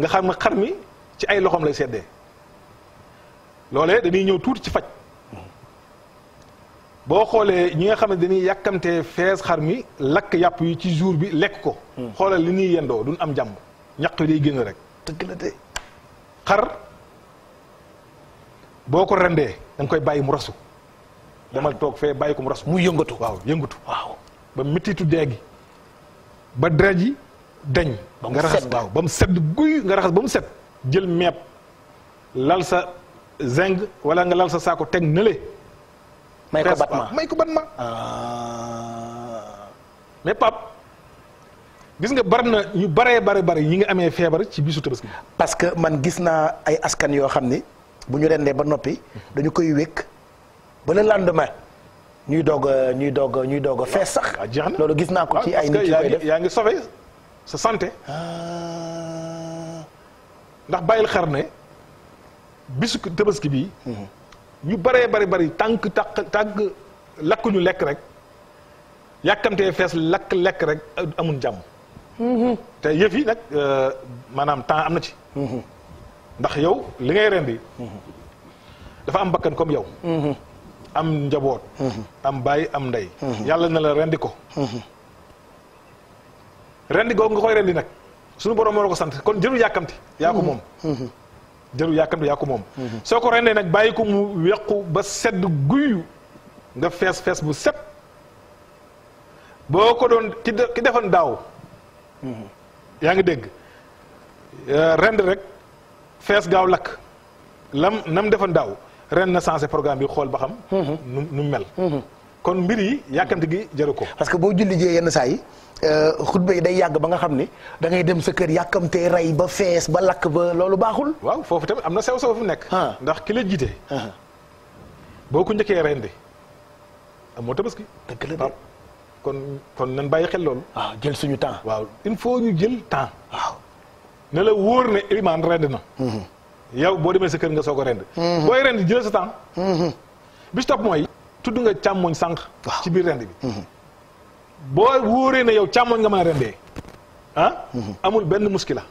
nga xam ne xar mi ci ay loxoom lay seddee loole dañuy ñëw tuuti ci faj boo xoolee ñi nga xam ne dañuy yàkkamtee fees xar mi lakk yàpp yi ci jour bi lekk ko hmm. xoolal li ñuy yendoo duñ am jàmm ñaq yi day génn rek dëgg la de xar boo ko rendee da koy bàyyi mu rasu demal toog fee bàyyi ko mu rasu mu yëngatu waaw yëngatu waaw ba méttitu dee ba deret yi dañ nga raxas ba mu sedd guy nga ba mu set jël meeb lal sa zinc wala nga lal sa saako teg nële may ko bat ma may ko bat ma ah. mais pap gis nga bari na ñu baree bari bari ñi nga amee feebar ci bisu tabaski parce que man gis naa ay askan yoo xam ni bu ñu rendee ba noppi dañu koy wékk ba le lendemain ñuy doog a ñuy doog ñuy doog a ah, fees sax loolu gis naa ko ah, ci ay nit yu yaa ngi sofe sa santé. ndax bàyyil xar ne bisk tabaski bii. ñu baree bari bari tànk tàq tànk lakk ñu lekk rek yàkkamtee fees lakk lekk rek amul jàmm. te yëf yi nag euh, maanaam temps am na ci. ndax yow li ngay rendi dafa am bakkan comme yow. am njaboot. am bàyyi am ndey. yàlla na la rendi ko. rend googu nga koy rendi nag suñu borom moo la ko sant kon jërul mhm. mhm. yàkkamti yaa ko moom jërul yàkkamti yaa ko moom soo ko rendee nag bàyyi ko mu wequ ba sedd guyu nga fees fees bu set boo ko doon ki ki defoon daaw mhm. yaa ngi dégg euh, rend rek fees gaaw lakk lam nam defoon daaw ren na sensé programme bi xool ba xam nu nu mel kon mbir yi yàkkamti gi jëru ko parce que boo julli jee yenn saa Euh, xutba yi day yàgg ba nga xam ni da ngay dem sa kër yàkkamtee rey ba fees ba lakk ba loolu baaxul. waaw foofu tamit am na sew sew fu nekk. ndax ki la jiite. boo ko njëkkee rendi amoo tabaski. dëgg la kon kon nan xel loolu. waaw ah, jël suñu temps. waaw il faut ñu jël temps. waaw ne la wóor ne imaam rend na. Mm-hmm. yow boo demee sa kër nga soog ko rend. Mm-hmm. booy rend jël sa temps. Mm-hmm. bi mooy. tudd nga càmmoñ sànq. ci biir rend bi. boo wóoree ne yow càmmoñ nga mën a rendee ah. amul benn muskila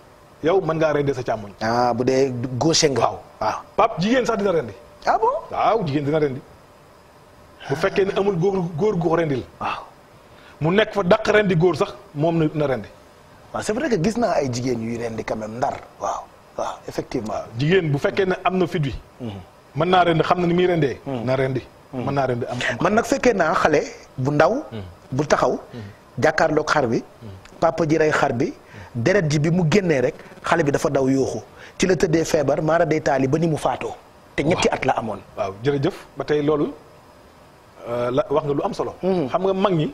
yow mën ngaa rendee sa càmmoñ. ah bu dee gauche nga. waaw waaw pap jigéen sax di na ah bon waaw jigéen dina rendi. bu fekkee ne amul góor góor gu ko rendil. mu nekk fa daq rendi góor sax moom na rendi. waaw c'est vrai que gis naa ay jigéen yuy rendi quand même ndar. waaw waaw jigéen bu fekkee ne am na fit wi. Mhm. mën naa rendi xam na ni muy rendee. Mhm. na rendi. Mhm. mën naa rendi am man nag fekkee naa xale bu ndaw. bu taxaw jàkkaarloog xar bi papa ji rey xar bi deret ji bi mu génnee rek xale bi dafa daw yooxu ci la tëddee feebar maara day taali ba ni mu faatoo te ñetti at la amoon waaw jërëjëf ba tey loolu euh, la wax nga lu am solo mm-hmm. xam nga mag ñi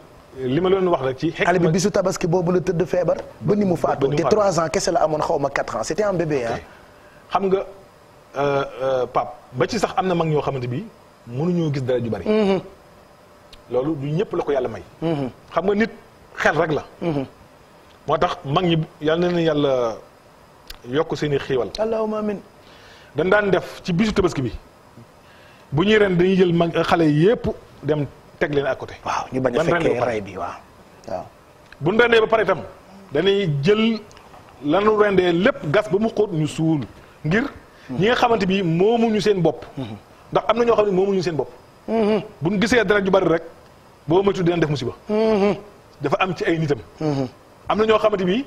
li ma leen wax rek ci xale bi su tabaski boobu la tëdd feebar ba ni mu faatoo te trois ans kese la amoon xaw ma quatre ans c'était am bébé ah xam nga euh, euh, Pape ba ci sax am na mag ñoo xamante bi mënuñoo gis deret ju bari mm-hmm. loolu du ñëpp la ko yàlla may. Mhm. xam nga nit xel rek la. Mhm. moo tax mag ñi yàlla na yàlla yokk seen i xiiwal. allahumma amin. dañ daan def ci bisu tabaski bi bu ñuy ren dañuy jël mag xale yépp dem teg leen ak côté. waaw ñu bañ a fekkee bi waaw waaw. bu ñu rendee ba pare itam dañuy jël lanu rendee lépp gas ba mu xóot ñu suul ngir. Mhm. ñi nga xamante bi moomuñu seen bopp. ndax am na ñoo xam ne ñu seen bopp. Mm-hmm. bu ñu gisee dara ju bari rek boo moytu dinañ def musiba. Mm-hmm. dafa am ci ay nitam. Mm-hmm. am na ñoo xamante bi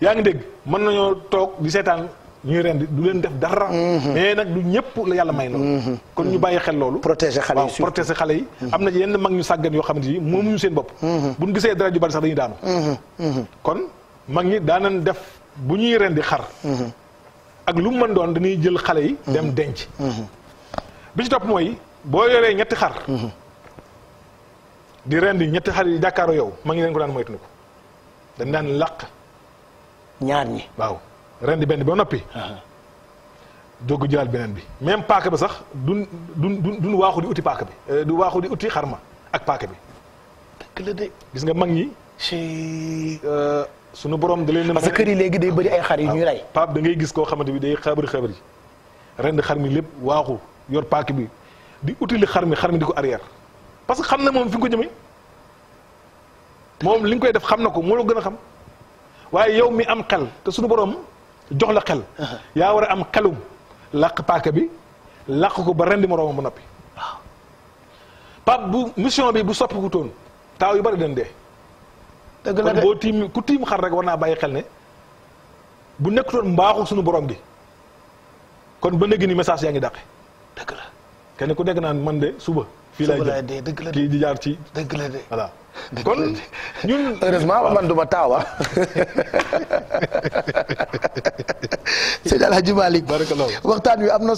yaa ngi dégg mën nañoo toog di seetaan ñuy ren di du leen def dara. mais nag du ñëpp la yàlla may loolu. kon ñu bàyyi xel loolu. protéger xale yi waaw protéger xale yi. am na yenn mag ñu sàggan yoo xamante bi moomuñu seen bopp. bu ñu gisee dara ju bari sax dañuy daanu. kon mag ñi daanan def bu ñuy ren di xar. ak lu mu mën doon dañuy jël xale yi. dem denc. bi ci topp mooy. boo yoree ñetti xar. di rendi ñetti xar yi jàkkaaroo yow ma ngi leen ko daan moytu ko dañ daan laq. ñaar ñi waaw rendi benn ba noppi. dogg jëlaat beneen bi même paaka bi sax duñ duñ duñ waaxu di uti paaka bi euh, du waaxu di uti xar ma ak paaka bi. dëgg la de gis nga mag ñi. ci euh, sunu borom da leen parce que yi léegi day bëri ay xar yu ñuy rey. Pape da ngay gis koo xamante bi day xaabari xaabari rend xar mi lépp waaxu yor paaka bi. di utili xar mi xar mi di ko arrière parce que xam na moom fi nga ko jëmee moom li nga koy def xam na ko moo la gën a xam waaye yow mi am xel te suñu borom jox la xel. Uh-huh. yaa war a am xelum làq paaka bi làq ko ba rendi moroomam ba noppi. waaw bu mission bi bu soppiku toon taaw yu bari dañ dee. dëgg la de boo tiim ku tiim xar rek war naa bàyyi xel ne bu nekkutoon mbaaxul suñu boroom gi kon ba léegi ni message yaa ngi dàqe kenn ku dégg naan man de suba. fii laay dee dëgg la de kii di jaar ci. dëgg la de voilà. kon ñun. heureusement man du ma taawa. sëñ El Hadj Malick. barke waxtaan wi am na.